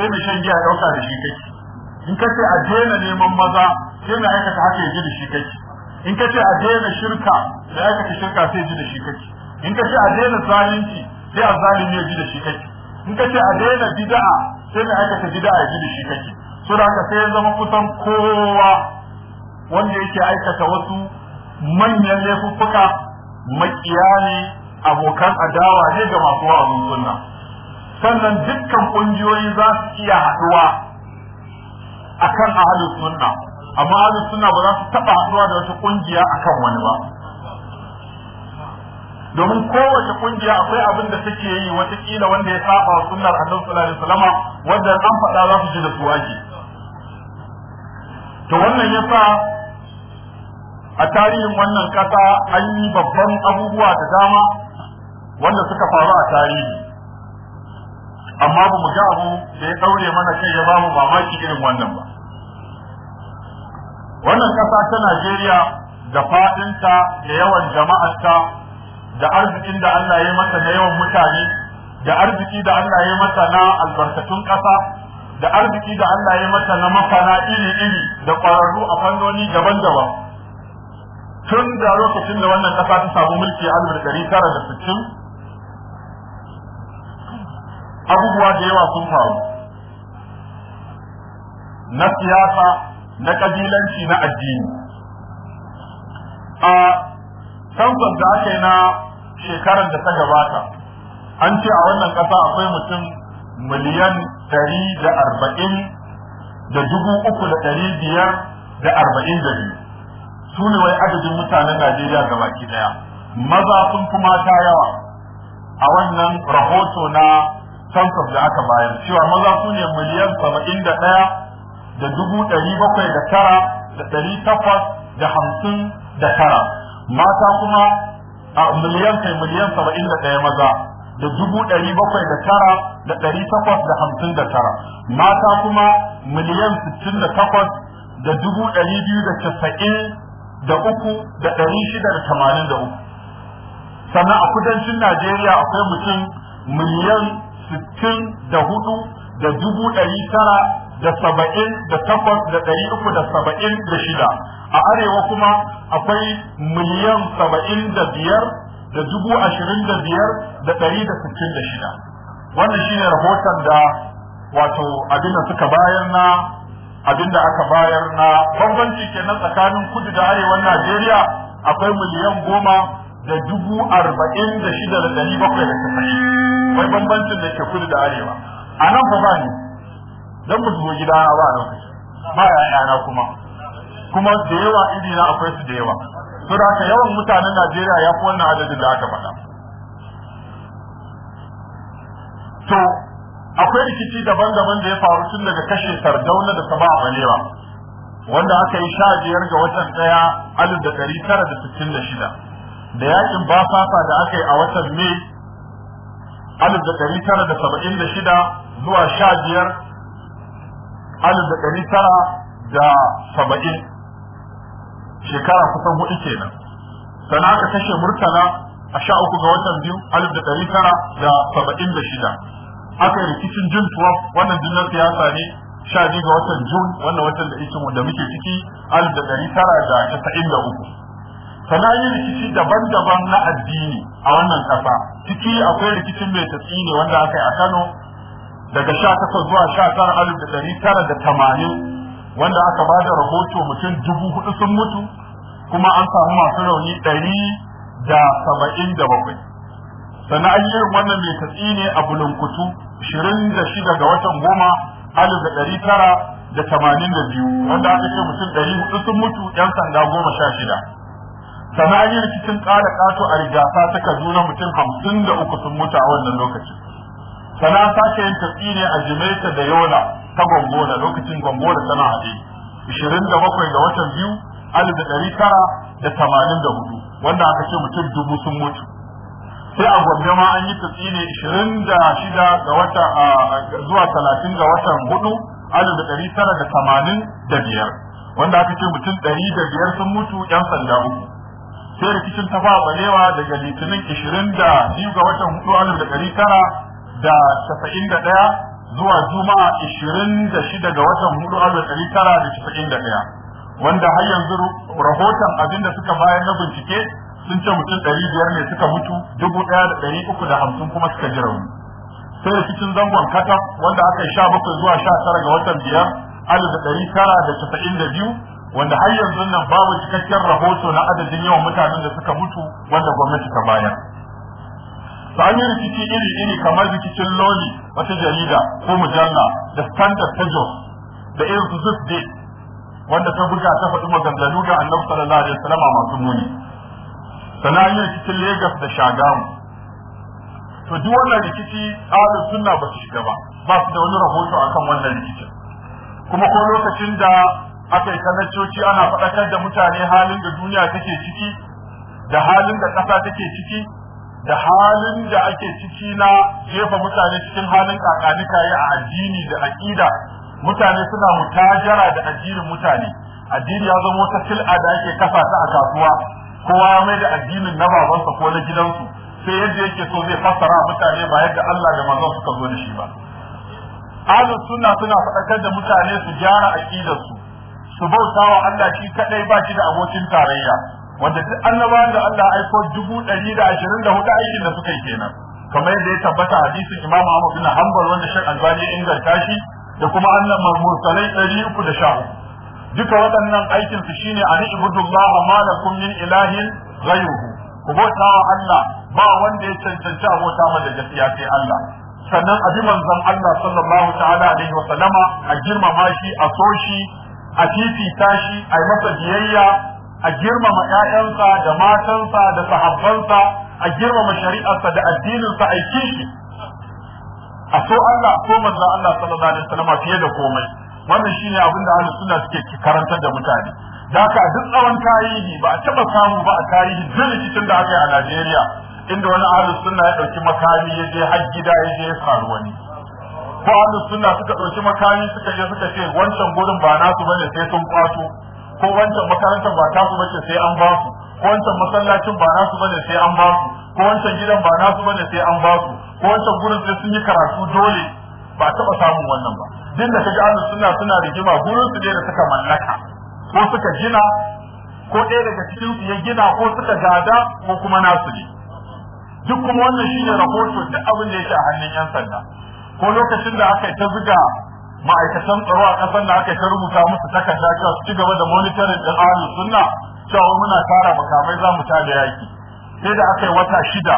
sai mai shan giya ɗauka da shi kake in ka ce a daina neman maza sai mai aikata haka ya ji da shi kake in ka ce a daina shirka da aikata shirka sai ji da shi kake in ka ce a daina zalunci sai a zalimi ya ji da shi kake in ka ce a daina bid'a sai mai aikata bid'a ya ji da shi kake so da haka sai ya zama kusan kowa wanda yake aikata wasu manyan laifuffuka makiya ne abokan adawa ne ga masu wa'azin sunna sannan dukkan kungiyoyi za su iya haɗuwa kan ahalin sunna amma ahalin suna ba za su taɓa haɗuwa da wata kungiya kan wani ba domin kowace kungiya akwai abin da take yi watakila wanda ya saba wa sunnar annabi sallallahu alaihi wasallam wanda an faɗa za su ji da su to wannan ya yasa a tarihin wannan ƙasa, an yi babban abubuwa da dama wanda suka faru a tarihi amma ba mu ga abu da ya daure mana kai ya bamu mamaki irin wannan ba wannan kasa ta Najeriya da fadinta da yawan jama'arta da arzikin da Allah ya mata na yawan mutane da arziki da Allah ya mata na albarkatun kasa da arziki da Allah ya mata na makana iri-iri da ƙwararru a fannoni daban-daban tun da lokacin da wannan kasa ta samu mulki a 1960 tara da sittin abubuwa da yawa sun faru na siyasa na kabilanci na addini a sansan da aka yi na shekarar da ta gabata an ce a wannan ƙasa akwai mutum miliyan ɗari da arba'in da dubu uku da ɗari biyar da arba'in da biyu su ne wai adadin mutanen najeriya baki ɗaya maza sun fi mata yawa a wannan rahoto na census da aka bayar cewa maza su ne miliyan saba'in da ɗaya da dubu ɗari bakwai da tara da ɗari takwas da hamsin da tara mata kuma a miliyan kai miliyan saba'in da ɗaya maza da dubu ɗari bakwai da tara da ɗari takwas da hamsin da tara mata kuma miliyan sittin da takwas da dubu ɗari biyu da casa'in da uku da ɗari shida da tamanin da uku sannan a kudancin najeriya akwai mutum miliyan sittin da hudu da dubu ɗari tara da saba'in da takwas da ɗari uku da saba'in da shida a arewa kuma akwai miliyan saba'in da biyar da dubu ashirin da biyar da ɗari da sittin da shida wannan shine rahoton da wato abin suka bayar na abinda aka bayar na bambanci kenan tsakanin kudu da arewan najeriya akwai miliyan goma da dubu arba'in da shida da dari bakwai da tasa'in wai bambancin da ke kudu da arewa a nan ba ba ne don ba su gida ba a lokaci ba yana kuma kuma da yawa iri na akwai su da yawa to da haka yawan mutanen Najeriya ya fi wannan adadin da aka faɗa to akwai rikici daban-daban da ya faru tun daga kashe sardauna da sama a balewa wanda aka yi sha biyar ga watan ɗaya alif da ɗari tara da sittin da shida da yakin basasa da aka yi a watan mai alif da ɗari tara da saba'in da shida zuwa sha biyar alif da ɗari tara da saba'in shekara kusan hudu kenan sannan aka kashe murtala a sha uku ga watan biyu alif da ɗari tara da saba'in da shida aka yi rikicin jun 12 wannan jinnar siyasa ne sha biyu ga watan jun wannan watan da ikin da muke ciki alif da ɗari tara da casa'in da uku sana yi rikici daban-daban na addini a wannan kasa, ciki akwai rikicin mai tafi ne wanda aka yi a kano daga sha takwas zuwa sha tara alif da ɗari tara da tamanin wanda aka ba da rahoto mutum dubu hudu sun mutu kuma an samu masu rauni ɗari da saba'in da bakwai sannan wannan mai tafi ne a bulunkutu ashirin da shida ga watan goma alif da ɗari tara da tamanin da biyu wanda aka ce mutum ɗari hudu sun mutu 'yan sanda goma sha shida hanyar cikin ƙara ƙato a rigasa ta kaduna mutum hamsin da uku sun mutu a wannan lokacin sana sake yin tafi ne a jimaita da yola ta da lokacin da tana haɗe ishirin da bakwai da watan biyu alif da ɗari tara da tamanin da hudu wanda aka ce mutum dubu sun mutu sai a gombe ma an yi tafi ne ishirin da shida ga wata zuwa talatin ga watan hudu alif da ɗari tara da tamanin da biyar wanda aka ce mutum ɗari da biyar sun mutu 'yan sanda uku sai rikicin ta ba balewa daga litinin ishirin da biyu ga watan hudu alif da ɗari tara da casa'in da ɗaya zuwa juma'a ishirin da shida ga watan hudu alif da ɗari tara da casa'in da ɗaya wanda har yanzu rahoton abin da suka bayar na bincike sun ce mutum ɗari biyar ne suka mutu dubu ɗaya da ɗari uku da hamsin kuma suka ji rauni sai rikicin zangon katam wanda aka yi sha bakwai zuwa sha tara ga watan biyar alif da ɗari tara da casa'in da biyu wanda har yanzu nan babu cikakken rahoto na adadin yawan mutanen da suka mutu wanda gwamnati ta bayar sami rikici iri-iri kamar rikicin loli wata jarida ko mujalla da standard ta jos da irin su de wanda ta buga ta faɗi maganganu ga annabi sallallahu alaihi wasallam masu muni sannan rikicin Legas da shagamu to duk wannan rikici ahlus suna ba su shiga ba ba su da wani rahoto akan wannan rikicin kuma ko lokacin da aka yi coci ana faɗakar da mutane halin da duniya take ciki da halin da ƙasa take ciki da halin da ake ciki na jefa mutane cikin halin ya a addini da aƙida mutane suna mutajara da addinin mutane addini ya zama wata sil'a da ake kafa ta a kasuwa kowa ya mai da addinin na babansa ko na gidansu sai yadda yake so zai fassara mutane ba yadda Allah da manzon suka zo da shi ba ahlus sunna suna faɗakar da mutane su gyara aqidarsu su bauta wa Allah shi kadai ba shi da abokin tarayya wanda duk annabawan da Allah aiko dubu ɗari da ashirin da hudu aikin da suka yi kenan kamar yadda ya tabbata hadisin Imam Ahmad bin Hanbal wanda Sheikh Albani ya inganta shi da kuma annabawan mursalai ɗari uku da sha duka waɗannan aikin su shine a ibudullah gudunmawa lakum min ilahin ghayruhu ku bauta wa Allah ba wanda ya cancanci abota mada da gaskiya sai Allah sannan abi manzon Allah sallallahu ta'ala alaihi wa sallama a girmama shi a so shi a fifita shi a yi masa biyayya a girmama 'ya'yansa da matansa da sahabbansa a girmama shari'arsa da addininsa a shi a so Allah so manzo Allah sallallahu alaihi wasallam fiye da komai wannan shine abin da ahlus sunna suke karantar da mutane da haka duk tsawon tarihi ba a taba samu ba a tarihi duk rikicin da aka yi a Najeriya inda wani ahlus sunna ya dauki makami ya je har gida ya je ya wani ko ahlus sunna suka ɗauki makami suka je suka ce wancan gurin ba nasu bane sai sun kwato ko wancan makarantar ba su bace sai an ba su ko wancan masallacin ba nasu bane sai an ba su ko wancan gidan ba nasu bane sai an ba su ko wancan gurin sai sun yi karatu dole ba taba samun wannan ba din da kaji ahlus sunna suna rigima gurin su ne da suka mallaka ko suka gina ko ɗaya daga cikin su ya gina ko suka gada ko kuma nasu ne duk kuma wannan shine rahoton duk abin da yake a hannun yan sanda ko lokacin da aka yi ta zuga ma'aikatan tsaro a ƙasar da aka yi ta rubuta musu takarda cewa su ci gaba da monitoring ɗin ahlus sunna cewa muna tara makamai za mu tada yaki sai da aka yi wata shida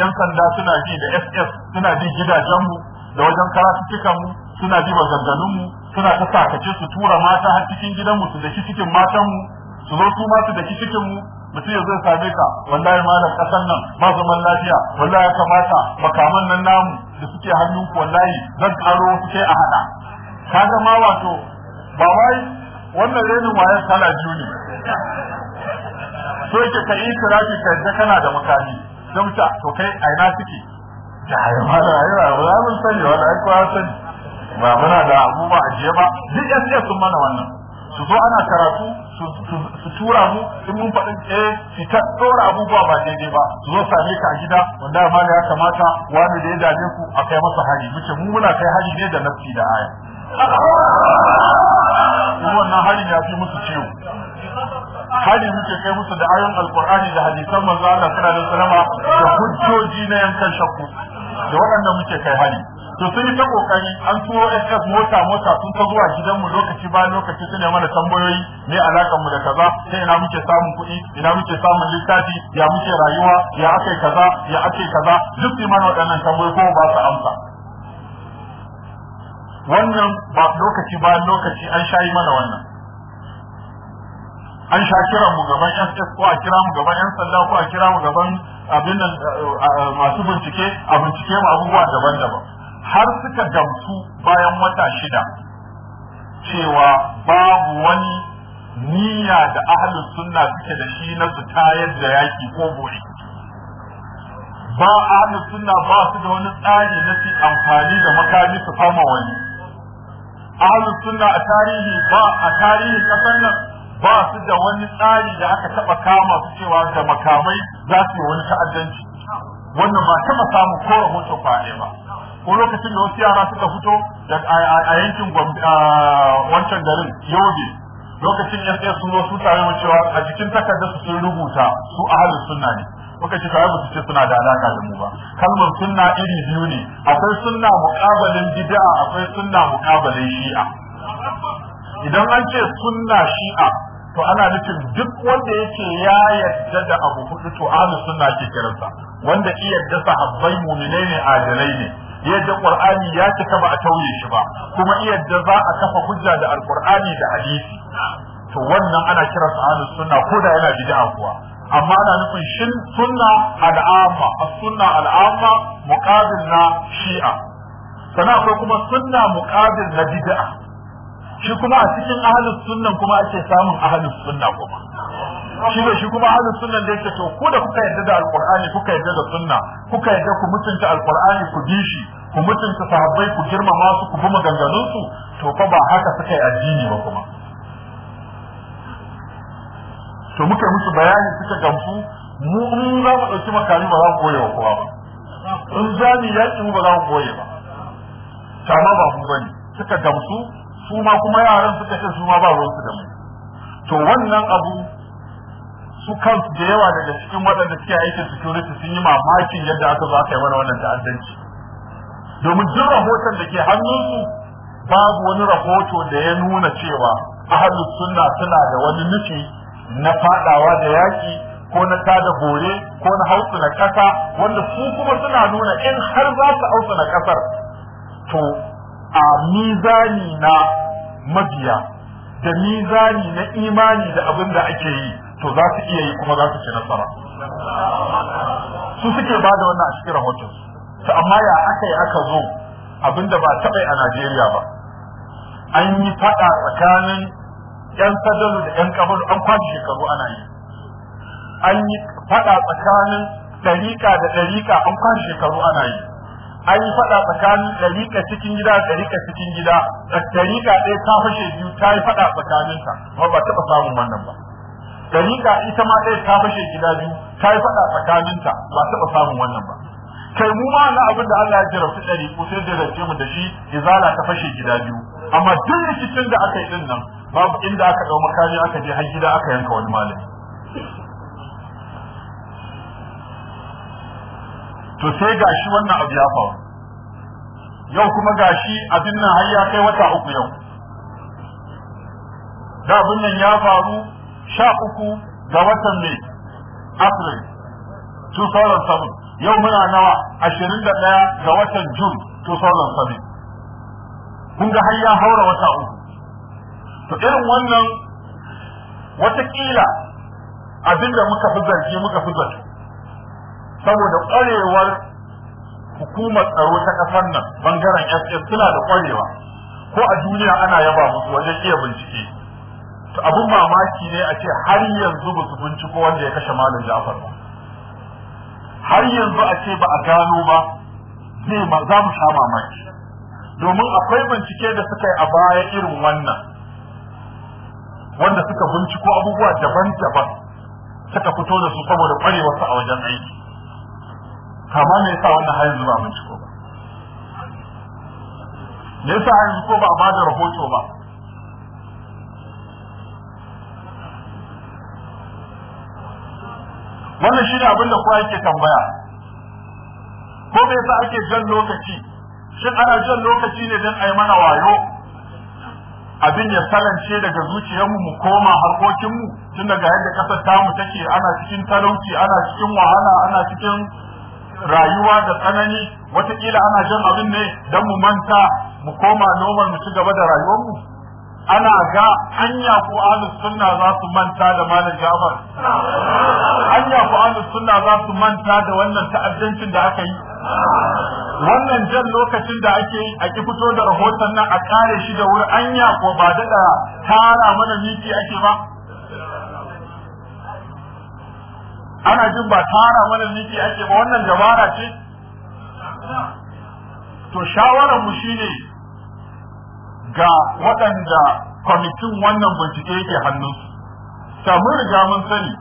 yan sanda suna ji da ss suna ji gidajenmu da wajen karatuttukanmu suna ji maganganunmu suna ta sakace su tura mata har cikin gidanmu su daki cikin matanmu su zo su ma su cikinmu mutum ya zai same ka wallahi malam kasan nan ba zaman lafiya wallahi ya kamata makaman nan namu da suke hannun ku wallahi zan karo wasu sai a hada ka zama wato ba wai wannan rainin wayar kala biyu ne so yake ka yi ka yadda kana da makami don ta to kai a ina suke da ma da rayuwa ba za mu sani wala ai kuwa sani ba muna da abubuwa jiya ba duk yan sun mana wannan su zo ana karatu su tura mu in mun faɗin eh fita ɗora abubuwa ba daidai ba su zo same ka a gida wanda ma ya kamata wani da ya dame ku a kai masa hari muke mu muna kai hari ne da nafsi da aya wannan harin ya fi musu ciwo hari muke kai musu da ayon alkur'ani da hadisan manzo Allah sallallahu alaihi wasallam da hujjoji na yankan shakku da waɗanda muke kai hari to sun yi ta kokari an turo SS mota mota sun ta zuwa gidanmu lokaci ba lokaci suna mana tambayoyi ne alakan mu da kaza sai ina muke samun kuɗi ina muke samun littafi ya muke rayuwa ya ake kaza ya ake kaza duk su mana waɗannan tambayoyi ko ba su amsa wannan ba lokaci ba lokaci an shayi mana wannan an sha kiran mu gaban SS ko a kira mu gaban yan sanda ko a kira mu gaban abin nan eh, eh, masu bincike a bincike mu abubuwa daban-daban har suka gamsu bayan wata shida cewa babu wani niyya da ahalin sunna suke da shi na su tayar da yaki ko bore ba ahlus sunna ba su da wani tsari na su amfani da makami su fama wani ahlus sunna a tarihi ba a tarihi kasar nan ba su da wani tsari da aka taba kama su cewa da makamai za su yi wani ta'addanci wannan ba taba samu ko rahoton kwaye ba ko lokacin da wasu yara suka fito a yankin wancan garin yobe lokacin ya sai sun wasu tare mu a cikin takardar su sun rubuta su a sunna ne muka ce kawai su ce suna da alaka da mu ba kalmar sunna iri biyu ne akwai sunna muqabalin bid'a akwai sunna muqabalin shi'a idan an ce sunna shi'a to ana nufin duk wanda yake ya yarda da abu hudu to ahlus sunna ke kiransa wanda iya yarda sahabbai mu'minai ne adalai ne yadda qur'ani ya cika ba a tauye shi ba kuma iya za a kafa hujja da alqur'ani da hadisi to wannan ana kiransa ahlus sunna ko da yana bid'a kuwa amma ana nufin shin sunna al'amma as-sunna al'amma muqabil na shi'a sana akwai kuma sunna muqabil na bid'a shi kuma a cikin ahalus sunnan kuma ake samun ahalus sunna kuma shi ne shi kuma ahalus sunnan da yake to ko da kuka yarda da alqur'ani kuka yarda da sunna kuka yarda ku mutunta alqur'ani ku bi shi ku mutunta sahabbai ku girmama su ku bi maganganun su to fa ba haka suka yi addini ba kuma to muka musu bayani suka gamsu mu in za mu ɗauki makami ba za mu goye wa kowa ba in zani mu mu ba za mu goye ba ta ba mu bane suka gamsu su ma kuma yaran suka ce su ma ba su da mu to wannan abu su kansu da yawa daga cikin waɗanda suke aikin security sun yi mamakin yadda aka zo aka yi mana wannan ta'addanci domin duk rahoton da ke hannunsu babu wani rahoto da ya nuna cewa ahalus sunna suna da wani nufi na fadawa da yaki ko na tada bore ko na hausu na kasa wanda su kuma suna nuna in har za su hausu na kasar to a mizani na mabiya da mizani na imani da abin da ake yi to za su iya yi kuma za su ci nasara su suke ba da wannan a cikin rahoton to amma ya aka yi aka zo abin da ba taɓa a Najeriya ba an yi faɗa tsakanin 'yan sadalu da 'yan kabalu an shekaru ana yi an yi faɗa tsakanin ɗariƙa da ɗarika an kwashi shekaru ana yi an yi faɗa tsakanin ɗariƙa cikin gida ɗariƙa cikin gida ɗariƙa ɗaya ta fashe biyu ta yi faɗa tsakaninta amma ba taɓa samun wannan ba ɗariƙa ita ma ɗaya ta fashe gida biyu ta yi faɗa tsakaninta ba taɓa samun wannan ba kai mu ma na abin da Allah ya jira jarabta ko sai jarabce mu da shi izala ta fashe gida biyu amma duk rikicin da aka yi ɗin nan babu inda aka ɗau makami aka je har gida aka yanka wani malami to sai gashi wannan abu ya faru yau kuma gashi abin nan har ya kai wata uku yau da abin nan ya faru sha uku ga watan ne april 2007 yau muna nawa ashirin da ɗaya ga watan june 2007 kun ga har ya haura wata uku to irin wannan watakila da muka fi zargi muka fi zargi saboda kwarewar hukumar tsaro ta kasar nan bangaren SS suna da kwarewa ko a duniya ana yaba musu wajen iya bincike to abun mamaki ne a ce har yanzu ba su binciko wanda ya kashe malam Ja'far ba har yanzu a ce ba a gano ba zai ma za mu sha mamaki domin akwai bincike da suka yi a baya irin wannan wanda suka binciko abubuwa daban-daban suka fito da su saboda kwarewarsu a wajen aiki amma me yasa wannan har zuba mun ciko ba me yasa har yanzu ko ba a da rahoto ba wannan shine abin da kowa yake tambaya ko me yasa ake jan lokaci shin ana jan lokaci ne don a yi mana wayo abin ya salance daga zuciyarmu mu koma harkokinmu tun daga yadda kasar tamu take ana cikin talauci ana cikin wahala ana cikin rayuwa da tsanani watakila ana jan abin ne don mu manta mu koma normal mu ci gaba da rayuwarmu ana ga hanya ko ahlus sunna za su manta da malam Jafar hanya ko ahlus sunna za su manta da wannan ta'addancin da aka yi wannan jan lokacin da ake yi a ki fito da rahoton nan a kare shi da wuri anya ko ba da tara mana miki ake ba ana jin ba tara mana miki ake ba wannan dabara ce to shawarar mu shine ga waɗanda kwamitin wannan bincike yake hannunsu samu riga mun sani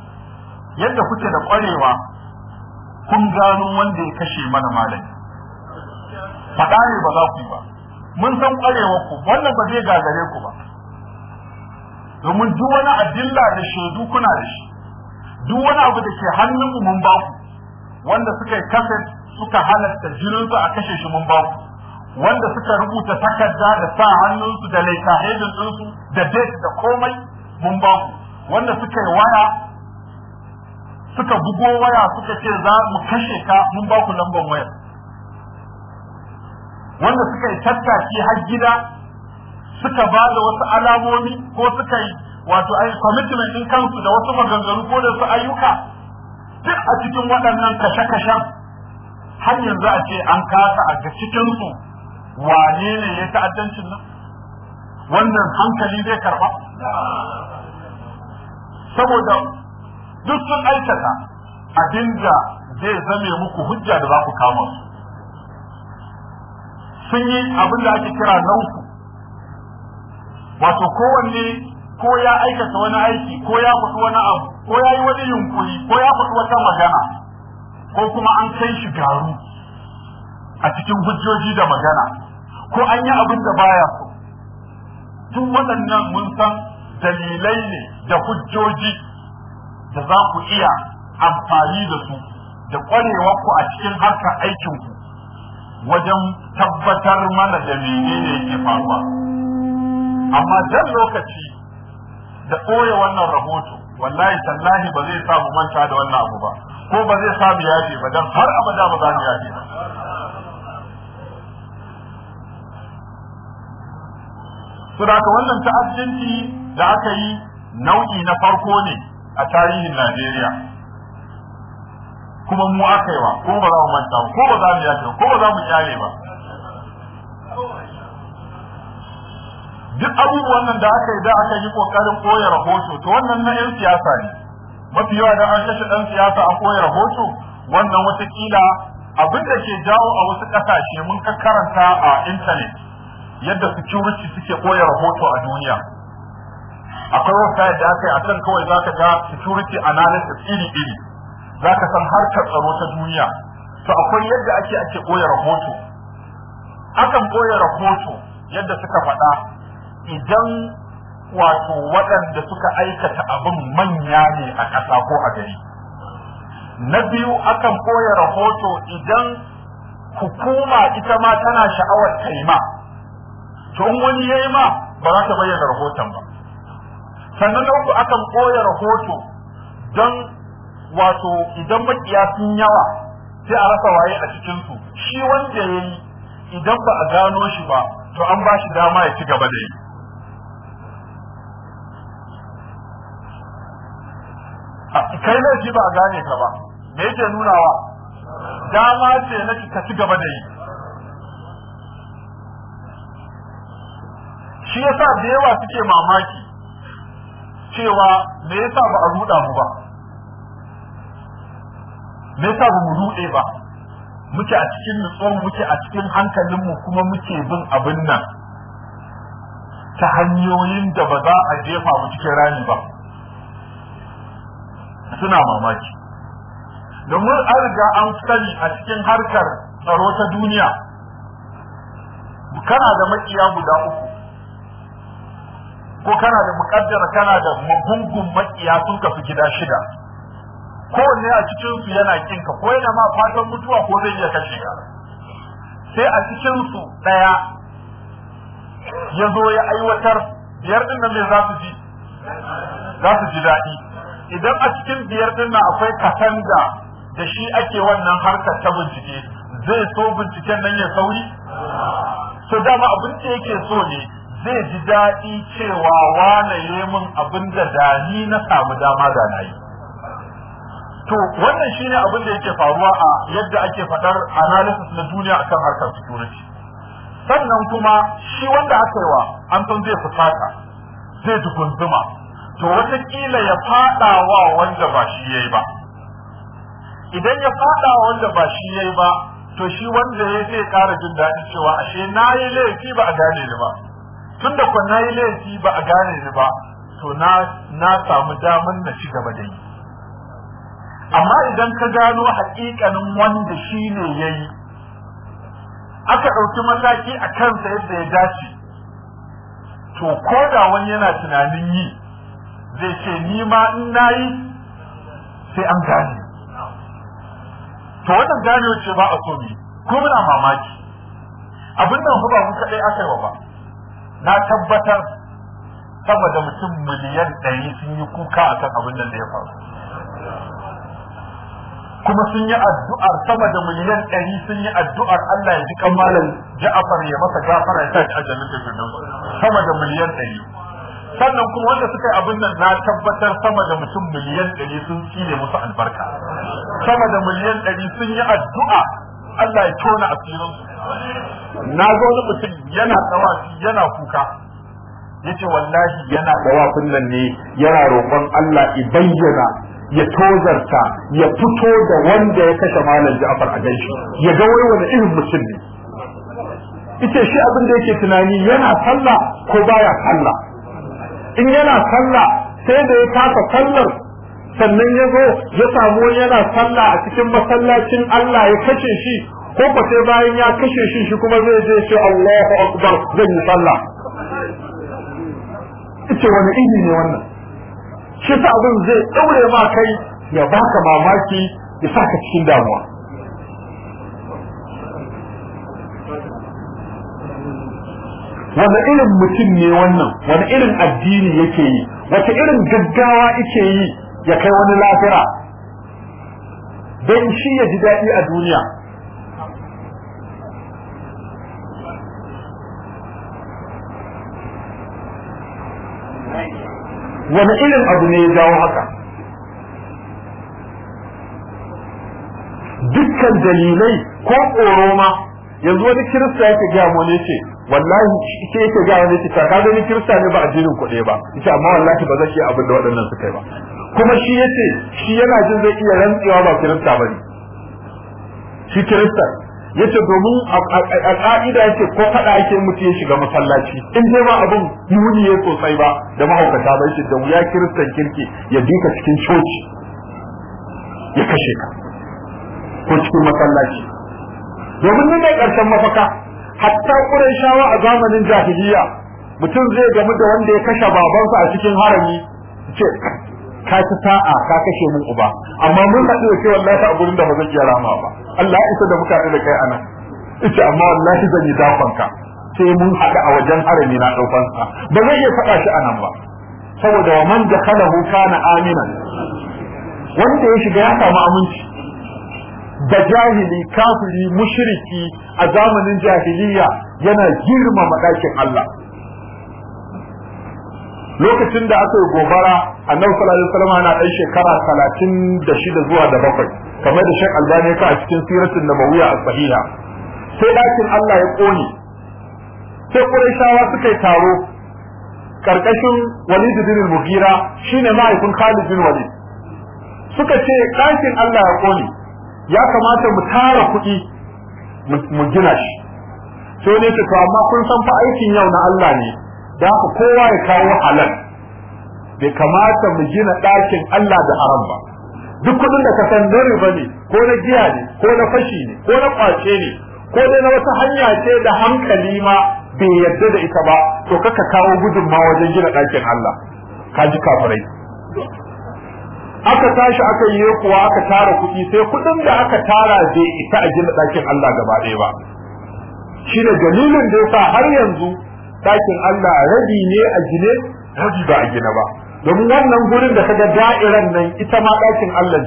yadda kuke da ƙwarewa kun gano wanda ya kashe mana malami faɗa ne ba za ku yi ba mun san ƙwarewar ku wannan ba zai gagare ku ba domin duk wani adilla da shaidu kuna da shi duk wani abu da ke hannunmu mun ba ku wanda suka yi kaset suka halatta jirinsu a kashe shi mun ba ku wanda suka rubuta takarda da sa hannunsu da laitahedin ɗinsu da date da komai mun ba ku wanda suka yi waya suka bugo waya suka ce za mu kashe ka mun ba ku lambar wayar wanda suka yi tattaki har gida suka ba da wasu alamomi ko suka yi wato ai commitment din kansu da wasu maganganu ko da su ayyuka duk a cikin waɗannan kashe-kashen har yanzu a ce an kasa a ga cikin su wane ne ya ta'addancin nan wannan hankali zai karba saboda duk sun aikata abinda zai zame muku hujja da za ku kama su sun yi abin da ake kira nauku wato kowanne ko ya aikata wani aiki ko ya faɗi wani abu ko ya yi wani yunkuri ko ya faɗi wata magana ko kuma an kai shi garu a cikin hujjoji da magana ko an yi abin da baya so duk waɗannan mun san dalilai ne da hujjoji da za ku iya amfani da su da ƙwarewa ku a cikin harkar aikinku wajen tabbatar mana da ne ke faruwa. amma dan lokaci da ɓoye wannan rahoto wallahi tallahi ba zai samu manta da wannan abu ba ko ba zai samu yaje ba dan har abada ba za mu yaje ba To da wannan ta'addanci da aka yi nau'i na farko ne a tarihin Najeriya kuma mu aka yi wa ko ba za mu manta ko ba za mu yaje ko ba za mu kyale ba duk abubuwan nan da aka yi da aka yi kokarin koya rahoto to wannan na yan siyasa ne mafi yawa da an kashe dan siyasa a koya rahoto wannan watakila abin da ke jawo a wasu kasashe mun ka karanta a intanet yadda security suke koya rahoto a duniya akwai website da aka yi a kan kawai zaka ga security analysis iri iri zaka san harkar tsaro ta duniya to akwai yadda ake ake koya rahoto akan koya rahoto yadda suka faɗa idan wato waɗanda suka aikata abin manya ne a ƙasa ko a gari na biyu akan koya rahoto idan hukuma ita ma tana sha'awar taima to in wani yi ma ba za ta bayyana rahoton ba sannan na uku akan koya rahoto don wato idan makiya sun yawa sai a rasa waye a cikinsu shi wanda ya yi idan ba a gano shi ba to an ba shi dama ya ci gaba da yi kai laifi ba gane ka ba me yake nunawa dama ce na ka ci gaba da yi shi yasa da yawa suke mamaki cewa me yasa ba a ruda mu ba me yasa ba mu rude ba muke a cikin nutsuwar muke a cikin hankalinmu kuma muke bin abin nan ta hanyoyin da ba za a jefa mu cikin rani ba suna mamaki domin an riga an sani a cikin harkar tsaro ta duniya kana da makiya guda uku ko kana da mukaddara kana da mugungun makiya sun kafi gida shida ne a cikin su yana kinka ko yana ma fatan mutuwa ko zai iya kashe ka sai a cikin su daya ya zo ya aiwatar biyar din nan ne za ji za su ji daɗi idan a cikin biyar din nan akwai katanga da shi ake wannan harkar ta bincike zai so binciken nan ya sauri so dama abin da yake so ne zai ji daɗi cewa wane min abin da da ni na samu dama da na yi to wannan shine abin da yake faruwa a yadda ake fadar analysis na duniya akan harkar security sannan kuma shi wanda aka yi wa an san zai fusata zai dukunzuma to wataƙila ya faɗawa wa wanda ba shi yayi ba idan ya faɗa wa wanda ba shi yayi ba to shi wanda ya zai ƙara jin daɗi cewa ashe na yi laifi ba a gane ni ba tunda da na yi laifi ba a gane ni ba to na na samu damar na ci gaba da yi amma idan ka gano haƙiƙanin wanda shi ne ya yi aka ɗauki mataki a kansa yadda ya dace to ko da wani yana tunanin yi zai ce ni ma in nayi sai an gane to wannan ganewa ce ba a so ne ko muna mamaki abin nan ba mu kadai aka yi ba na tabbatar sama da mutum miliyan ɗari sun yi kuka akan abin nan da ya faru kuma sun yi addu'ar sama da miliyan ɗari sun yi addu'ar Allah ya ji kamalan Ja'far ya masa gafara ya sa shi a jannatin sama da miliyan ɗari sannan kuma wanda suka yi abin nan na tabbatar sama da mutum miliyan ɗari sun cire musu albarka sama da miliyan ɗari sun yi addu'a Allah ya tona asirinsu na zo wani mutum yana tsawafi yana kuka yace wallahi yana tsawafin nan ne yana roƙon Allah ya bayyana ya tozarta ya fito da wanda ya kashe malam Ja'far a ganshi ya ga wai wani irin mutum ne ita shi abin da yake tunani yana sallah ko baya sallah in yana sallah sai da ya kasa sallar sannan ya zo ya samu wani yana sallah a cikin masallacin Allah ya kashe shi ko ba sai bayan ya kashe shi shi kuma zai je shi Allahu akbar zai yi sallah ita wani iri ne wannan shi sa abin zai daure ma kai ya baka mamaki ya saka cikin damuwa wani irin mutum ne wannan wani irin addini yake yi wace irin gaggawa yake yi ya kai wani lafira don shi ya ji daɗi a duniya wani irin abu ne ya jawo haka dukkan dalilai ko oroma? ma yanzu wani kirista yake gaya ne ce wallahi ita yake ga wani kita ka gani kirista ne ba a addinin kuɗi ba ita amma wallahi ba zai iya abin da waɗannan suka yi ba kuma shi yace shi yana jin zai iya rantsewa ba kirista ba ne shi kirista yace domin a ka'ida yake ko faɗa ake mutu ya shiga masallaci in dai ba abin yuni ya sosai ba da mahaukata ba yace da wuya kiristan kirki ya duka cikin coci ya kashe ka ko cikin masallaci domin ne ne ƙarshen mafaka hatta Qurayshawa a zamanin jahiliya mutum zai gamu da wanda ya kashe babansa a cikin harami ce ka ci sa'a ka kashe mun uba amma mun haɗu da kai wallahi ta gurin da ba zai iya rama ba Allah ya isa da muka da kai anan ita amma wallahi zan yi ka sai mun haɗu a wajen harami na daukan sa ba zai iya faɗa shi anan ba saboda wa man dakhalahu kana Amina, wanda ya shiga ya samu aminci da jahili kafiri mushriki a zamanin jahiliya yana girmama ɗakin Allah lokacin da aka yi gobara annabi sallallahu alaihi wasallam yana ɗan shekara talatin da shida zuwa da bakwai kamar da Sheikh Albani ya a cikin siratul nabawiyya as-sahiha sai ɗakin Allah ya ƙone sai Qurayshawa suka yi taro karkashin Walid bin al-Mughira shine mahaifin Khalid bin Walid suka ce ɗakin Allah ya ƙone ya kamata mu tara kuɗi mu gina shi sai ne ce to amma kun san fa aikin yau na Allah ne da haka kowa ya kawo halal bai kamata mu gina ɗakin Allah da haram ba duk kuɗin da ka san na ba ne ko na giya ne ko na fashi ne ko na kwace ne ko dai na wata hanya ce da hankali ma bai yarda da ita ba to kaka kawo gudunmawa wajen gina ɗakin Allah ka ji kafirai aka tashi aka yi kuwa aka tara kuɗi sai kuɗin da aka tara zai ita a gina ɗakin Allah gaba ɗaya ba ne dalilin da yasa har yanzu ɗakin Allah rabi ne a gine rabi ba a gina ba domin wannan gurin da kaga da'iran nan ita ma ɗakin Allah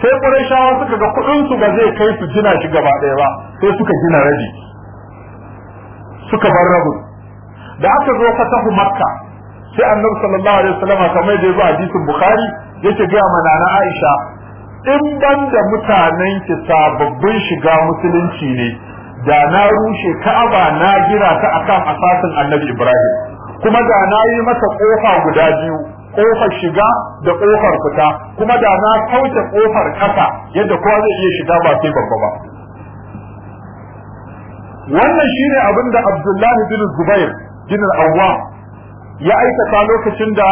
ce sai shawa suka ga kuɗin su ba zai kai su gina shi gaba ɗaya ba sai suka gina rabi suka bar rabin da aka zo fatahu makka sai annabi sallallahu alaihi wasallam kamar da ya zo hadisin bukhari yake gaya mana na Aisha in ban da mutanen ki sababbin shiga musulunci ne da na rushe Ka'aba na gira ta akan asasin Annabi Ibrahim kuma da na yi masa kofa guda biyu kofar shiga da kofar fita kuma da na kauce kofar kasa yadda kowa zai iya shiga ba sai babba ba wannan shine abin da Abdullahi bin Zubair jinin Awwam ya aikata lokacin da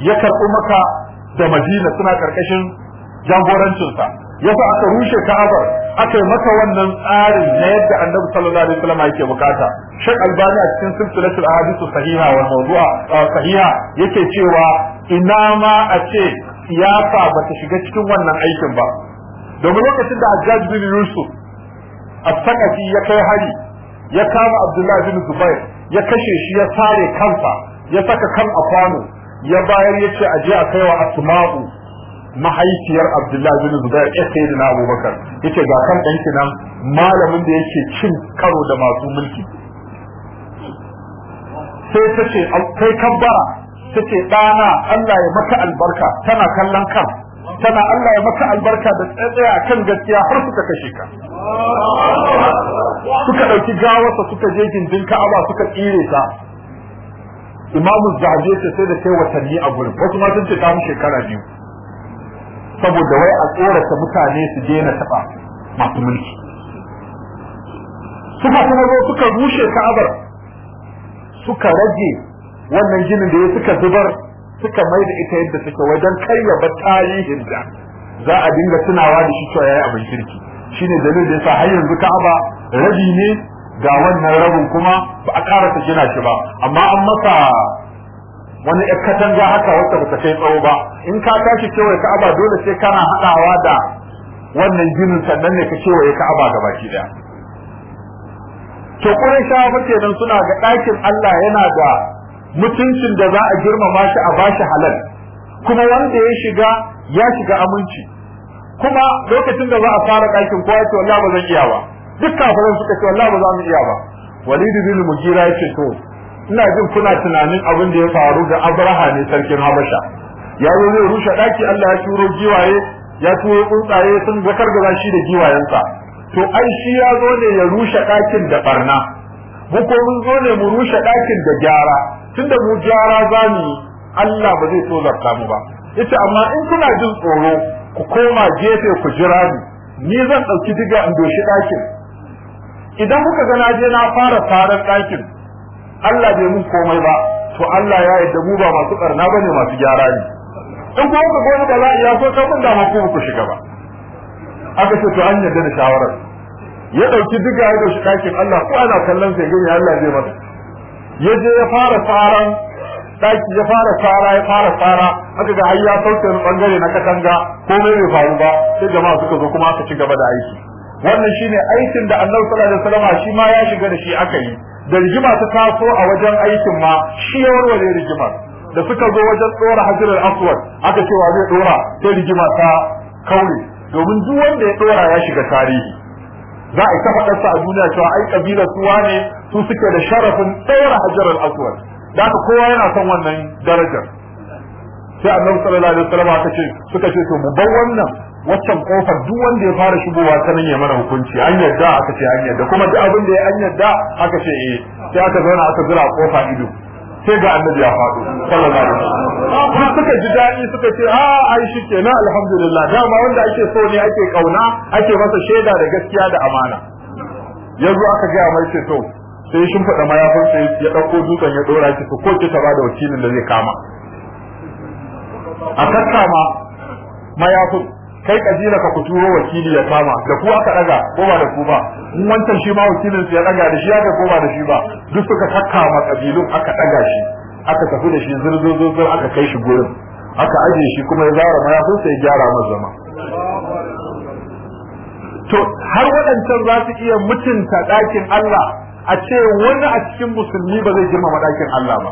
ya karɓi maka da madina suna karkashin jagorancinsa yasa aka rushe ka'abar aka yi maka wannan tsarin na yadda annabi sallallahu alaihi wasallam yake bukata shek albani a cikin silsilatul ahadithu sahiha wa mawdu'a sahiha yake cewa ina ma a ce siyasa ba ta shiga cikin wannan aikin ba domin lokacin da Hajjaj bin Yusuf a saqafi ya kai hari ya kama Abdullahi bin Zubair ya kashe shi ya sare kansa ya saka kan a kwano ya bayar ya ce aje a kaiwa asma'u mahaifiyar abdullahi bin zubair ya sai na abubakar ya ce ga kan ɗanki nan malamin da yake cin karo da masu mulki sai ta ce kai kabbara ta ce ɗana allah ya maka albarka tana kallon kan tana allah ya maka albarka da tsaye a kan gaskiya har suka kashe ka suka ɗauki gawarsa suka je gindin ka'aba suka tsire ta imamu zabe ta sai da kai watanni a gurin wasu ma sun ce ta shekara biyu saboda wai a tsorata mutane su daina taɓa masu mulki suka kuma zo suka rushe ka'abar suka rage wannan ginin da ya suka zubar suka mai da ita yadda suke wajen karyaba tarihin da za a dinga tunawa da shi cewa yayi abin kirki shine dalilin da yasa har yanzu ka'aba rabi ne ga wannan rabin kuma ba a ƙara ta gina shi ba amma an masa wani ɗan ga haka wata ba ta kai tsawo ba in ka tashi cewa ka aba dole sai kana haɗawa da wannan ginin sannan ne ka kewaye aba ga baki ɗaya to ƙurashawa fa kenan suna ga ɗakin Allah yana da mutuncin da za a girmama shi a bashi halal kuma wanda ya shiga ya shiga aminci kuma lokacin da za a fara ɗakin kowa ya ce wallahi ba zan iya ba duk kafiran suka ce wallahi ba za mu iya ba walid bin mujira yace to ina jin kuna tunanin abin da ya faru da abraha ne sarkin habasha ya zo zai rushe daki Allah ya turo giwaye ya turo tsuntsaye sun zakar da shi da giwayensa to ai shi ya zo ne ya rushe dakin da barna mu ko mun zo ne mu rushe dakin da gyara tunda mu gyara za zamu Allah ba zai tozarta mu ba Ita amma in kuna jin tsoro ku koma gefe ku jira ni ni zan dauki diga in doshi ɗakin. idan kuka ga na je na fara faran ɗakin Allah bai mun komai ba to Allah ya yarda mu ba masu ƙarna ba ne masu gyara ne in kuma kuka ga wani bala'i ya so ka mun da ko ku shiga ba aka ce to an yarda da shawarar ya ɗauki duka ya ɗauki ɗakin Allah ko ana kallon sai gani Allah zai masa ya je ya fara faran ɗaki, ya fara fara ya fara fara aka ga har ya sauke bangare na katanga komai bai faru ba sai jama'a suka zo kuma aka ci gaba da aiki wannan shine aikin da annabi sallallahu alaihi wasallam shi ma ya shiga da shi aka yi da rigima ta taso a wajen aikin ma shi ya warware rigima. da suka zo wajen dora hajar aswad aka cewa zai dora sai rigima ta kaure domin duk wanda ya dora ya shiga tarihi za a ta faɗar sa a duniya cewa ai kabila su wane su suke da sharafin dora hajar al-aswad da kowa yana son wannan darajar sai annabi sallallahu alaihi wasallam aka ce suka ce to mu bar wannan waccan kofar duk wanda ya fara shigowa ta nan ya mana hukunci an yadda aka ce an yadda kuma duk abin da ya an yadda aka ce eh sai aka zauna aka jira kofa ido sai ga annabi ya faɗo sallallahu alaihi wasallam duk suka ji daɗi suka ce a ah, ai shikenan alhamdulillah dama wanda ake so ne ake kauna ake masa shaida da gaskiya da amana yanzu aka ga mai ce to sai shin ma ya fanta ya ɗauko dutsen ya ɗora ki ko ki ta bada wakilin da zai kama a kakkama mayafin kai kabila ka ku turo wakili ya kama da ku aka daga ko ba da ku ba in wancan shi ma wakilin ya daga da shi aka ko ba da shi ba duk suka kakka ma kabilun aka daga shi aka tafi da shi zirzo aka kai shi gurin aka aje shi kuma ya zara mayafinsa ya gyara masa zama to har waɗancan za su iya mutunta ɗakin Allah a ce wani a cikin musulmi ba zai girmama ɗakin Allah ba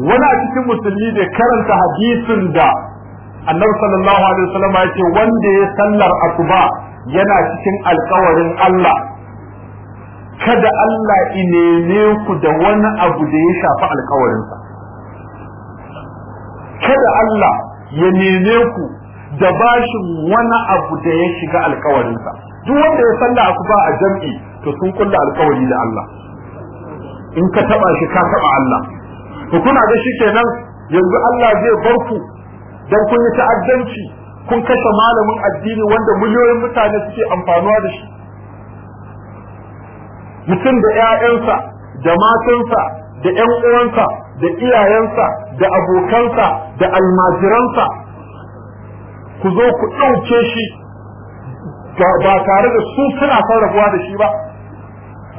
wani a cikin musulmi bai karanta hadisin da annabi sallallahu alaihi wasallam ya ce wanda ya sallar asuba yana cikin alkawarin Allah kada Allah inene ku da wani abu da ya shafi alkawarinsa kada Allah ya neme ku da bashin wani abu da ya shiga alkawarinsa duk wanda ya sallar asuba a jam'i to sun kulla alkawari da Allah in ka taba shi ka taba Allah to kuna ga kenan yanzu Allah zai bar ku dan kun yi ta'addanci kun kashe malamin addini wanda miliyoyin mutane suke amfanuwa da shi mutum da 'ya'yansa da matansa da 'yan uwansa da iyayensa da abokansa da almajiransa ku zo ku ɗauke shi ba tare da su suna sarrafuwa da shi ba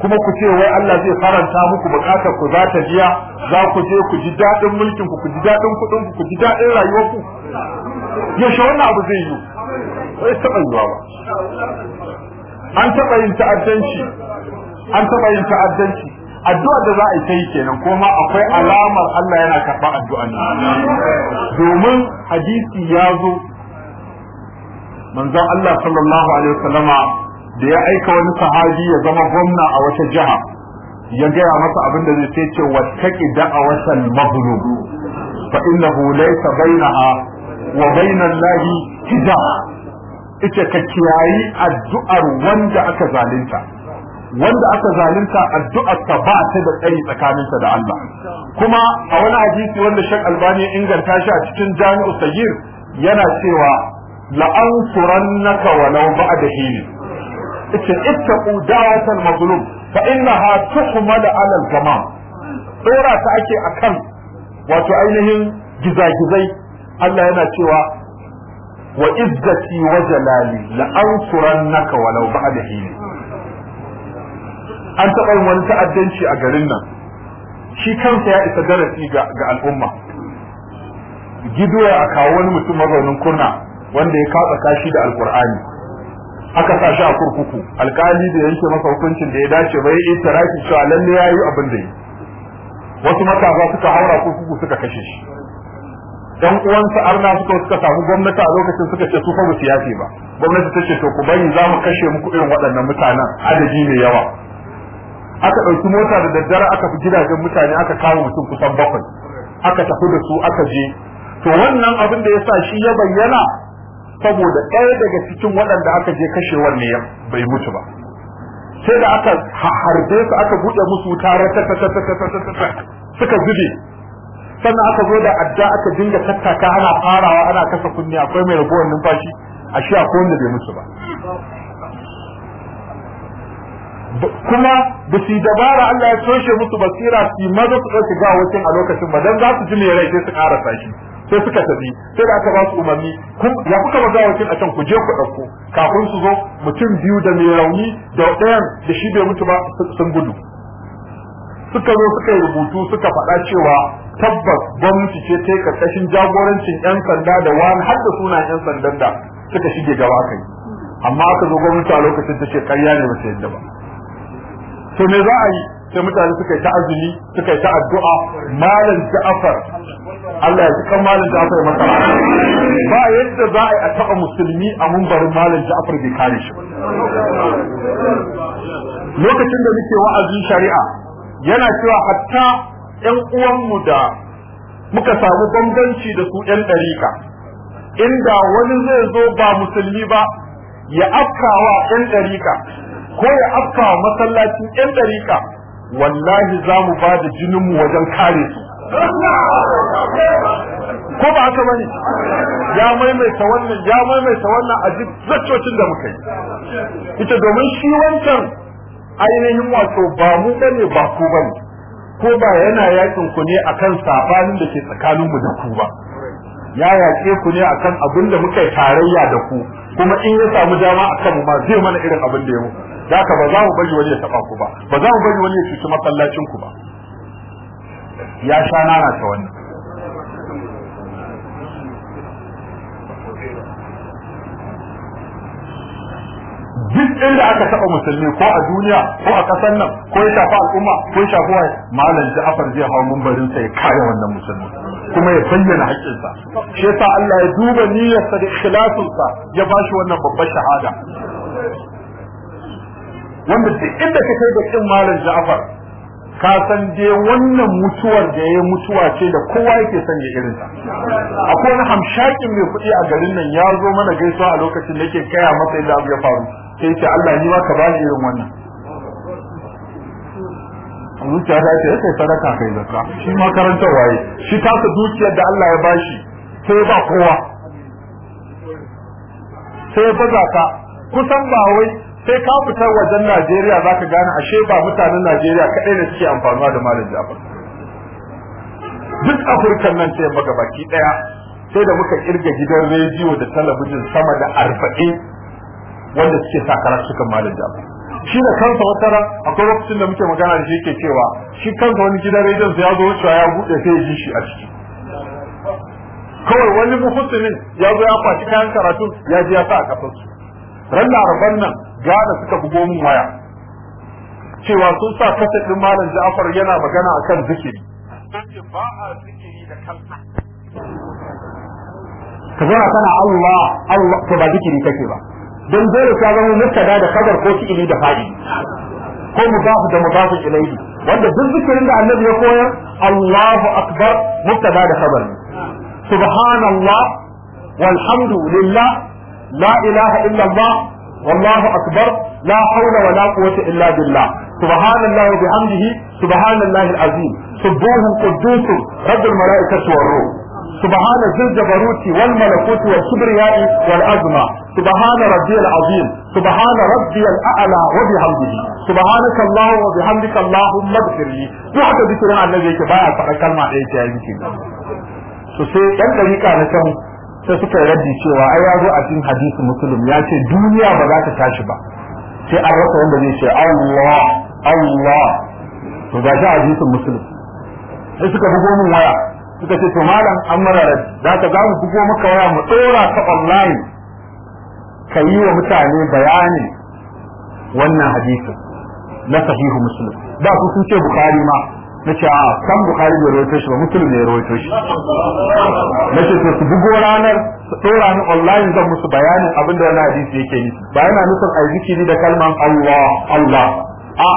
kuma ku ce wai Allah zai faranta muku bukatar ku za ta biya za ku je ku ji daɗin mulkin ku ku ji daɗin kuɗin ku ku ji daɗin rayuwar ku yaushe wannan abu zai yi wai taɓa yiwa ba an taɓa yin ta'addanci an taɓa yin ta'addanci addu'a da za a yi ta yi kenan kuma akwai alamar Allah yana karɓar addu'an nan domin hadisi ya zo manzon Allah sallallahu alaihi wasallama da ya aika wani sahabi ya zama gwamna a wata jiha ya gaya masa abin da zai ce ce wattaki da'awatal mazlum fa innahu laysa bainaha wa bainal lahi hijab ita ka kiyayi addu'ar wanda aka zalunta wanda aka zalunta addu'arsa ba ta da tsari tsakaninsa da Allah kuma a wani hadisi wanda Sheikh Albani ya inganta shi a cikin Jami'u Sayyid yana cewa la'ansurannaka walau ba'da hili yace ittaqu da'watal mazlum fa innaha tuhmalu 'ala al-tamam dora ta ake akan wato ainihin gizagizai Allah yana cewa wa izzati wa jalali la ansurannaka walau ba'da hin an taɓa wani ta'addanci a garin nan shi kansa ya isa darasi ga al'umma gidoya a kawo wani mutum mazaunin kurna wanda ya katsa kashi da alkur'ani aka sa shi a kurkuku alkali da yanke masa hukuncin da ya dace bai yi tarafi cewa lalle ya yi abin da yi wasu matasa suka haura kurkuku suka kashe shi dan uwansa arna suka suka samu gwamnati a lokacin suka ce su fa ba siyasi ba gwamnati ta ce to ku bari za mu kashe muku irin waɗannan mutanen adadi mai yawa aka ɗauki mota da daddare aka fi gidajen mutane aka kawo mutum kusan bakwai aka tafi da su aka je to wannan abin da ya sa shi ya bayyana saboda ɗaya daga cikin waɗanda aka je kashewar ne bai mutu ba sai da aka harbe su aka buɗe musu wuta suka zube sannan aka zo da adda aka dinga tattaka ana farawa ana kasa kunni akwai mai ragowar numfashi a shi akwai wanda bai mutu ba kuma ba su dabara Allah ya toshe musu basira su yi, maza su ɗauki gawacin a lokacin ba don za su ji mai rai sai su ƙarasa shi sai suka tafi sai da aka ba su umarni ya kuka ba gawakin a can ku je ku ɗauko kafin su zo mutum biyu da mai rauni da ɗayan da shi bai mutu ba sun gudu suka zo suka yi rubutu suka faɗa cewa tabbas gwamnati ce ta karkashin jagorancin 'yan sanda da wani har da sunayen 'yan sandan da suka shige gaba kai amma aka zo gwamnati a lokacin ta ce karya ne ba ta yadda ba to me za a yi sai mutane suka yi ta azumi suka yi ta addu'a malam ja'afar Allah ya ji kan malam ja'afar masa ba yadda za a taɓa musulmi a mumbarin malam ja'afar bai kare shi lokacin da muke wa'azin shari'a yana cewa hatta ƴan uwanmu da muka samu bambanci da su ƴan ɗarika inda wani zai zo ba musulmi ba ya afkawa ƴan ɗarika ko ya afkawa masallacin ƴan ɗarika wallahi za mu ba da jininmu wajen kare su ko ba haka bane ya maimaita wannan ya maimaita wannan a duk zaccocin da muka yi ita domin shi wancan ainihin wato ba mu bane ba ku bane ko ba yana yakin ku ne akan safanin da ke tsakaninmu da ku ba ya yaƙe ku ne akan abin da muka yi tarayya da ku kuma in ya samu dama a kanmu ma zai mana irin abin da ya muku da haka ba za mu bari wani ya taɓa ku ba ba za mu bari wani ya cuci masallacin ku ba ya sha nana ta wannan duk inda aka taɓa musulmi ko a duniya ko a ƙasar nan ko ya shafi al'umma ko ya shafi waye malam ja'afar zai mun mumbarin sai kaya wannan musulmi kuma ya bayyana haƙƙinsa shi yasa Allah ya duba niyyarsa da ikhlasinsa ya bashi wannan babbar shahada wanda duk inda ka kai da malam Ja'far ka san dai wannan mutuwar da ya mutuwa ce da kowa yake son ya irin ta akwai wani hamshakin mai kuɗi a garin nan ya zo mana gaisuwa a lokacin da yake kaya masa yadda abu ya faru sai ce Allah ni ma ka bani irin wannan zuciya ta ce kai sadaka kai zakka shi ma karanta waye shi tasa zuciyar da Allah ya bashi sai ba kowa sai baza ka kusan ba wai sai ka fitar wajen Najeriya zaka gane ashe ba mutanen Najeriya kadai ne suke amfanuwa da malam Jafar duk Afirkan nan ce maka baki ɗaya, sai da muka kirga gidan rediyo da talabijin sama da arba'in wanda suke sa karar suka malam Jafar shi da kansa wata akwai lokacin da muke magana da shi yake cewa shi kansa wani gidan rediyon ya zo wucewa ya buɗe sai ya ji shi a ciki kawai wani muhusinin ya zo ya kwashi kayan karatu ya ji ya sa a kafarsu ran laraban nan gada suka bugo mun waya cewa sun sa ɗin malam Ja'far yana magana a zikiri ba zikiri da ka zana kana Allah Allah ko ba zikiri kake ba don dole ta zama mubtada da khabar ko fi'ili da fadi ko mudafu da mudafu ilayhi wanda duk zikirin da annabi ya koyar Allahu akbar mubtada da khabar subhanallah walhamdulillah la ilaha illallah wallahu akbar la hawla wala quwwata illa billah subhanallah wa bihamdihi subhanallahi alazim subuhun quddusun rabbul malaikati war ruh سبحان ذي الجبروت والملكوت والكبرياء والعظمى سبحان ربي العظيم سبحان ربي الاعلى وبحمده سبحانك الله وبحمدك اللهم اغفر لي بعد ذكر النبي yake baya faɗa kalma ɗaya ta yanki su sai ɗan ɗarika na can sai suka yi raddi cewa ai yazo a cikin hadisi musulun ya ce duniya ba za ta tashi ba sai an rasa wanda zai ce Allah Allah to ga shi hadisin musulun sai suka bugo min waya suka ce to malam an mararar za ka za mu bugo maka waya mu ɗora ta online ka yi wa mutane bayani wannan hadisi na sahihu muslim da su sun ce bukhari ma na ce a kan bukhari bai rawaito shi ba muslim ne ya rawaito shi na ce to su bugo ranar su ɗora ni online zan musu bayanin abin da wannan hadisi yake yi ba yana nufin a zikiri da kalman Allah Allah a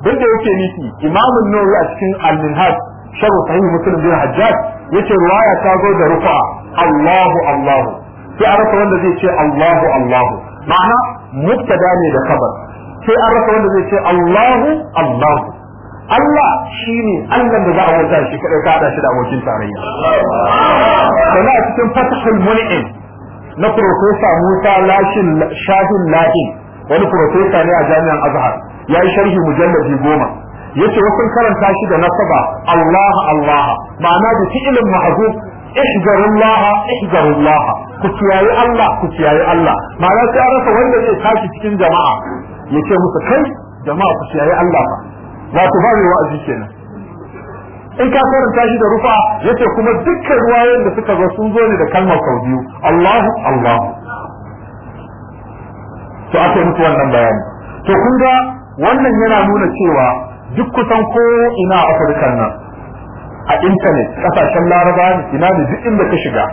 abin da yake nufi imamun nawawi a cikin al-minhaj sharu sahih muslim bin hajjaj yace riwaya ta zo da rufa Allahu Allahu sai an rasa wanda zai ce Allahu Allahu ma'ana mubtada ne da kabar. sai an rasa wanda zai ce Allahu Allahu Allah shi ne Allah da za a wanda shi kadai ka hada shi da abokin tarayya sannan a cikin fatahul mul'in na profesa Musa Lashin Shahin wani profesa ne a jami'an Azhar ya yi sharhi mujalladi goma yace wasu karanta shi da nasaba Allah Allah ma'ana da fi'ilin mahzuf ihzarullah ihzarullah ku kiyaye Allah ku kiyaye Allah ma'ana sai an rasa wanda zai tashi cikin jama'a yace musu kai jama'a ku kiyaye Allah ba wato bari mai wa'azi kenan in ka karanta shi da rufa yace kuma dukkan ruwayoyin da suka zo sun zo ne da kalmar sau biyu Allahu Allahu to aka mutu wannan bayani to kun ga wannan yana nuna cewa duk kusan ko ina afirka nan a intanet kasashen laraba ne ina ne duk inda ka shiga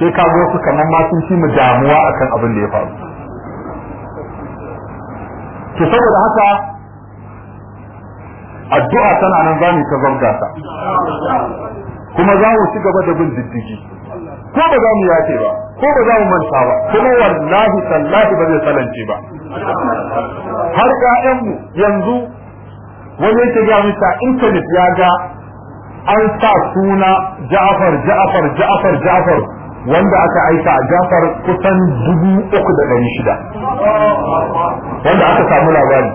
sai ka ga su kamar ma sun fi mu damuwa akan abin da ya faru to saboda haka addu'a tana nan zamu ta zarga ta kuma za mu ci gaba da bin diddigi ko ba za mu yace ba ko ba za mu manta ba kuma wallahi tallahi ba zai salance ba har mu yanzu wani yake ga mun intanet ya ga an sa suna Ja'far Ja'far Ja'far Ja'far wanda aka aika a Ja'far kusan shida wanda aka samu labari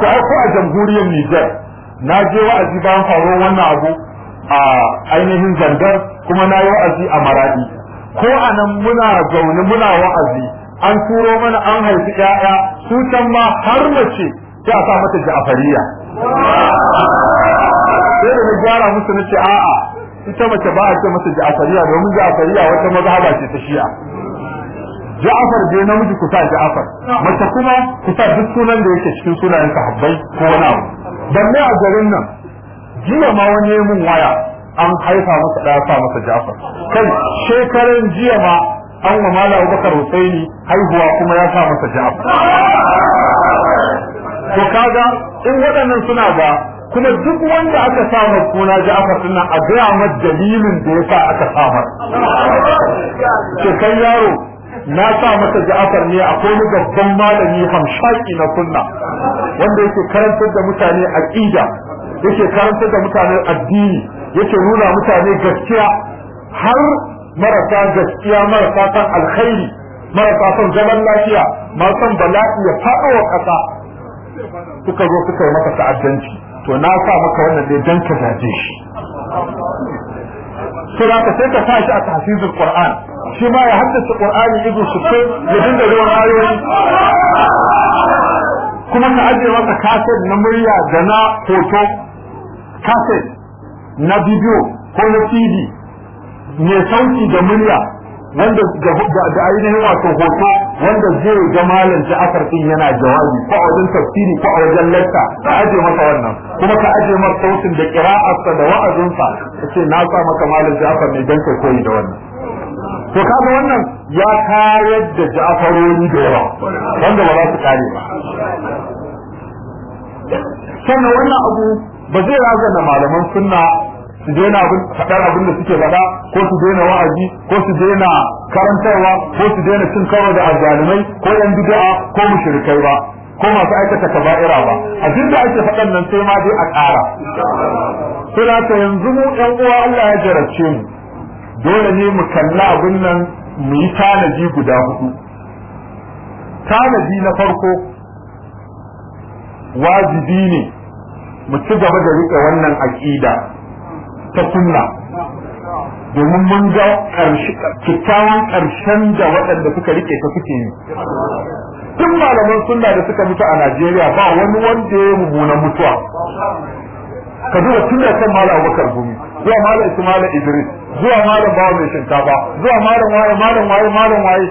ka ko a jamhuriyar Niger na je wa'azi bayan faruwar wannan abu a ainihin zangar kuma na yi wa'azi a maradi ko a nan muna zaune muna wa'azi an turo mana an haifi 'ya'ya su can ma har mace sai a sa mata ja'afariya sai da na gyara musu na ce a'a ita mace ba a ce masa ja'afariya domin ja'afariya wata mazhaba ce ta shi'a Ja'afar dai namiji ku sa Ja'afar mace kuma ku duk sunan da yake cikin sunayen sahabbai ko wani abu ne a garin nan jiya ma wani ya waya an haifa masa da sa masa ja'afar kai shekaran jiya ma an wa mala Abubakar ne haihuwa kuma ya sa masa ja'afar. to kaga in waɗannan suna ba kuma duk wanda aka samar kuna Ja'far din nan a gaya mar dalilin da ya sa aka samar to kai yaro na sa masa ja'afar ne akwai wani babban malami hamshaki na sunna wanda yake karantar da mutane aqida yake karantar da mutane addini yake nuna mutane gaskiya har marasa gaskiya marasa kan alkhairi marasa son zaman lafiya masu bala'i ya faɗo wa ƙasa suka zo suka yi maka ta'addanci to na sa maka wannan ne dan ka jaje shi sai ka sai ka sa shi a tahfizul qur'an shi ma ya haddace qur'ani izu sukai ya dinga yawan ayoyi kuma ka ajiye maka kaset na murya da na hoto kaset na bidiyo ko na cd mai sauki da murya wanda da ainihin wato hoto wanda zai ga malam Ja'far din yana jawabi ko a wajen tafsiri ko a wajen lakka ka aje masa wannan kuma ka aje masa sautin da qira'arsa da wa'azinsa kace na sa maka malam Ja'far ne dan kai koyi da wannan to kaga wannan ya kayar da Ja'faroni da yawa wanda ba za su kare ba sannan wannan abu ba zai razana malaman sunna su daina abin faɗar abin da suke faɗa ko su daina wa'azi ko su daina karantarwa ko su daina cin karo da azzalumai ko yan bid'a ko mushrikai ba ko masu aikata kaba'ira ba abin da ake faɗan nan sai ma dai a ƙara suna ta yanzu mu ɗan uwa Allah ya jarabce mu dole ne mu kalla abin nan mu yi tanaji guda hudu tanaji na farko wajibi ne mu ci gaba da riƙe wannan aƙida ta sunna domin mun ga kyakkyawan karshen da waɗanda suka rike ta suke yi tun malaman sunna da suka mutu a Najeriya ba wani wanda ya mummuna mutuwa ka duba tun da kan malam Abubakar Gumi zuwa malam Ismail Idris zuwa malam Bawa mai shinkafa zuwa malam waye malam waye malam waye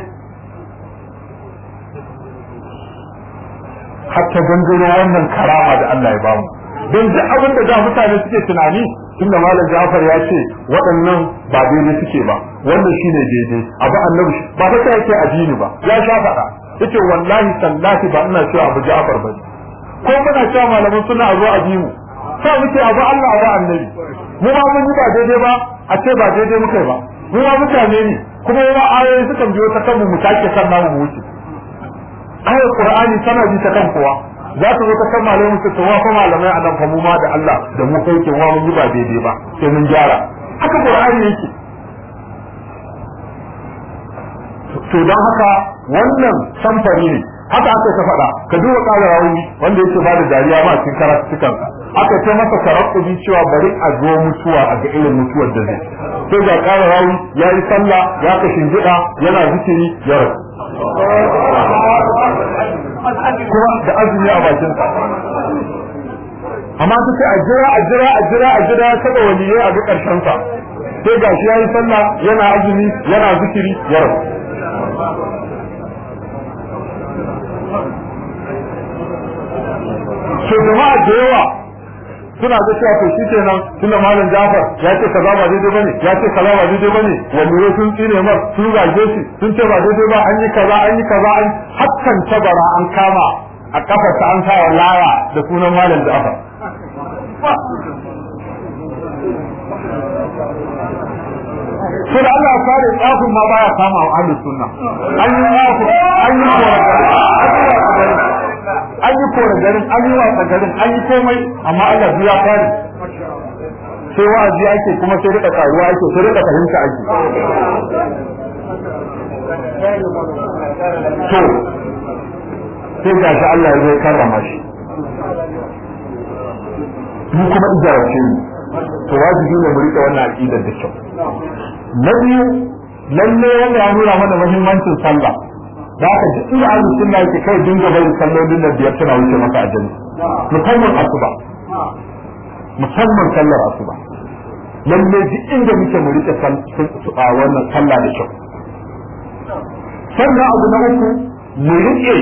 hatta gangaro wannan karama da Allah ya bamu don duk abin da da mutane suke tunani tunda malam Ja'far ya ce waɗannan ba daidai suke ba wannan shine daidai abu annabi ba ta ta yake addini ba ya sha faɗa yace wallahi sallati ba ina cewa abu Ja'far ba ko muna cewa malaman suna a zo addini sa muke abu Allah abu annabi mu ba mun yi ba daidai ba a ce ba daidai muka ba mu ba mutane ne kuma yawa ayoyi sukan biyo ta kanmu mu take kan namu mu wuce ayar Qur'ani tana bi ta kan kowa za su zo ta kan malamin su tawa fa malamai a nan fa ma da Allah da mu kai ke wa yi ba daidai ba sai mun gyara haka qur'ani yake to don haka wannan samfari ne haka aka ta faɗa ka duba ƙara rauni wanda yake ba da dariya ma cikin karatukan aka ce masa bi cewa bari a zo mutuwa a ga ilimin mutuwar da zai sai ga ƙara ya yi sallah ya ka shingiɗa yana zikiri ya rabu kuma da azumi a bakinsa amma su a jira a jira a jira a jira wani waliyai a ga karshen sa sai gashi yayi sallah yana azumi yana zikiri ya rabu so jama'a da yawa suna ga cewa to shikenan tunda malam Jafar ya ce kaza ba daidai bane ya ce kaza ba daidai bane wani sun tsine mar sun ga shi sun ce ba daidai ba an yi kaza an yi kaza an hakkan tabara an kama a kafarsa an sa laya da sunan malam Jafar sun Allah ya kare tsafin ma baya kama wa ahlus sunna an yi tsafi an yi tsafi an yi kore garin an yi watsa garin an yi komai amma Allah ya fara. sai wa'azi ake kuma sai rika karuwa ake sai rika fahimta ake to sai ga shi Allah ya karrama shi mu kuma ijarace ne to wajibi ne mu rika wannan aqidar da kyau na biyu lalle wanda ya nuna mana muhimmancin sallah da haka duk inda ahlus sunna yake kai dinga bayin sallolin da biyar tana wuce maka ajali musamman asuba musamman sallar asuba lalle duk inda muke mu rike wannan sallah da kyau sannan abu na uku mu rike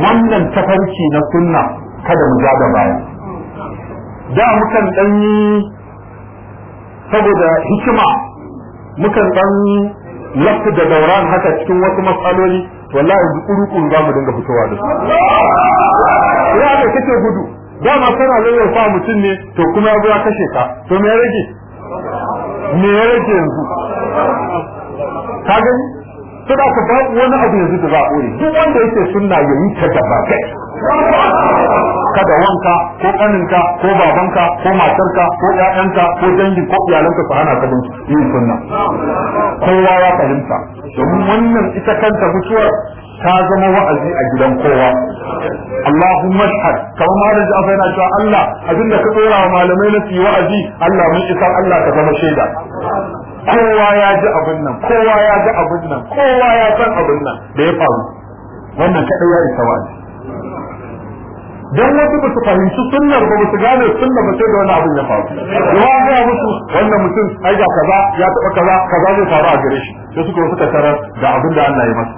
wannan tafarki na sunna kada mu ja da baya da mukan dan saboda hikima mukan dan lafta da dauran haka cikin wasu matsaloli wallahi kurukun za mu dinga fitowa da su ya ga kace gudu ma kana zai fa mutum ne to kuma ya ya kashe ka to me ya rage me ya rage yanzu ka gani to da ku ba wani abu yanzu da za a duk wanda yake sunna ya yi ta gaba kai ka da wanka ko kaninka ko babanka ko matarka ko ƴaƴanka ko dangi ko iyalanka su hana ka yin sunna kowa ya fahimta domin wannan ita kanta mutuwar ta zama wa'azi a gidan kowa Allahumma shahad kamar ma da Ja'far yana cewa Allah abinda ka dora wa malamai na yi wa'azi Allah mun isa, Allah ka zama shaida kowa ya ji abin nan kowa ya ji abin nan kowa ya san abin nan da ya faru wannan kadai ya isa wa'azi dan wasu ba su fahimci sunnar ba su gane sunnar ba sai da wani abin ya faru ya ga musu wannan mutum ai ga kaza ya taba kaza kaza zai faru a gare shi sai suka suka tarar da abin da Allah ya masa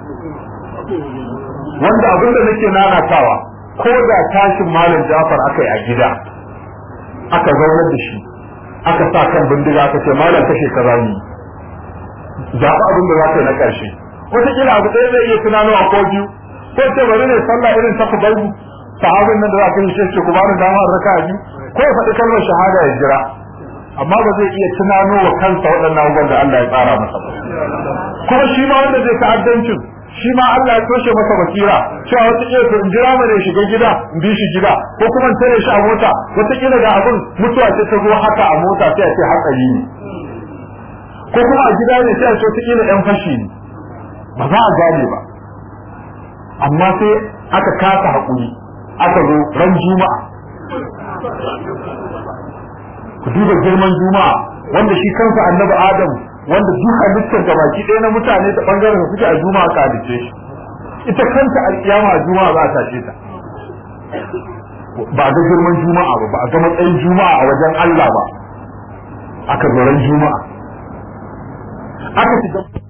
wanda abin da nake nanatawa ko da tashin malam Jafar aka yi a gida aka zaunar da shi aka sa kan bindiga aka ce malam kashe kaza ne, zaɓa abin da za ka yi na ƙarshe wataƙila abu ɗaya zai iya tunanowa ko biyu ko ce bari ne sallah irin ta ku sahabin nan da za ka yi shi ku ba ni dama in raka biyu ko ya faɗi kalmar shahada ya jira amma ba zai iya tunano wa kansa waɗannan abubuwan da Allah ya tsara masa kuma shi ma wanda zai ta'addancin shi ma Allah ya toshe masa basira cewa wata iya to jira mana ya shiga gida in bi shi gida ko kuma in tare shi a mota wata kila da abun mutuwa ce ta zo haka a mota sai a ce hatsari ne ko kuma a gida ne sai a ce wata kila yan fashi ne ba za a gane ba amma sai aka kasa hakuri. aka zo ran juma'a ku duba girman juma'a wanda shi kansa annabi adam wanda duk halittar da baki ɗaya na mutane ta bangaren suke a juma'a ka halitte shi ita kanta alkiyama a juma'a za a tashe ta ba ga girman juma'a ba ba a ga matsayin juma'a a wajen Allah ba aka zo ran juma'a aka shiga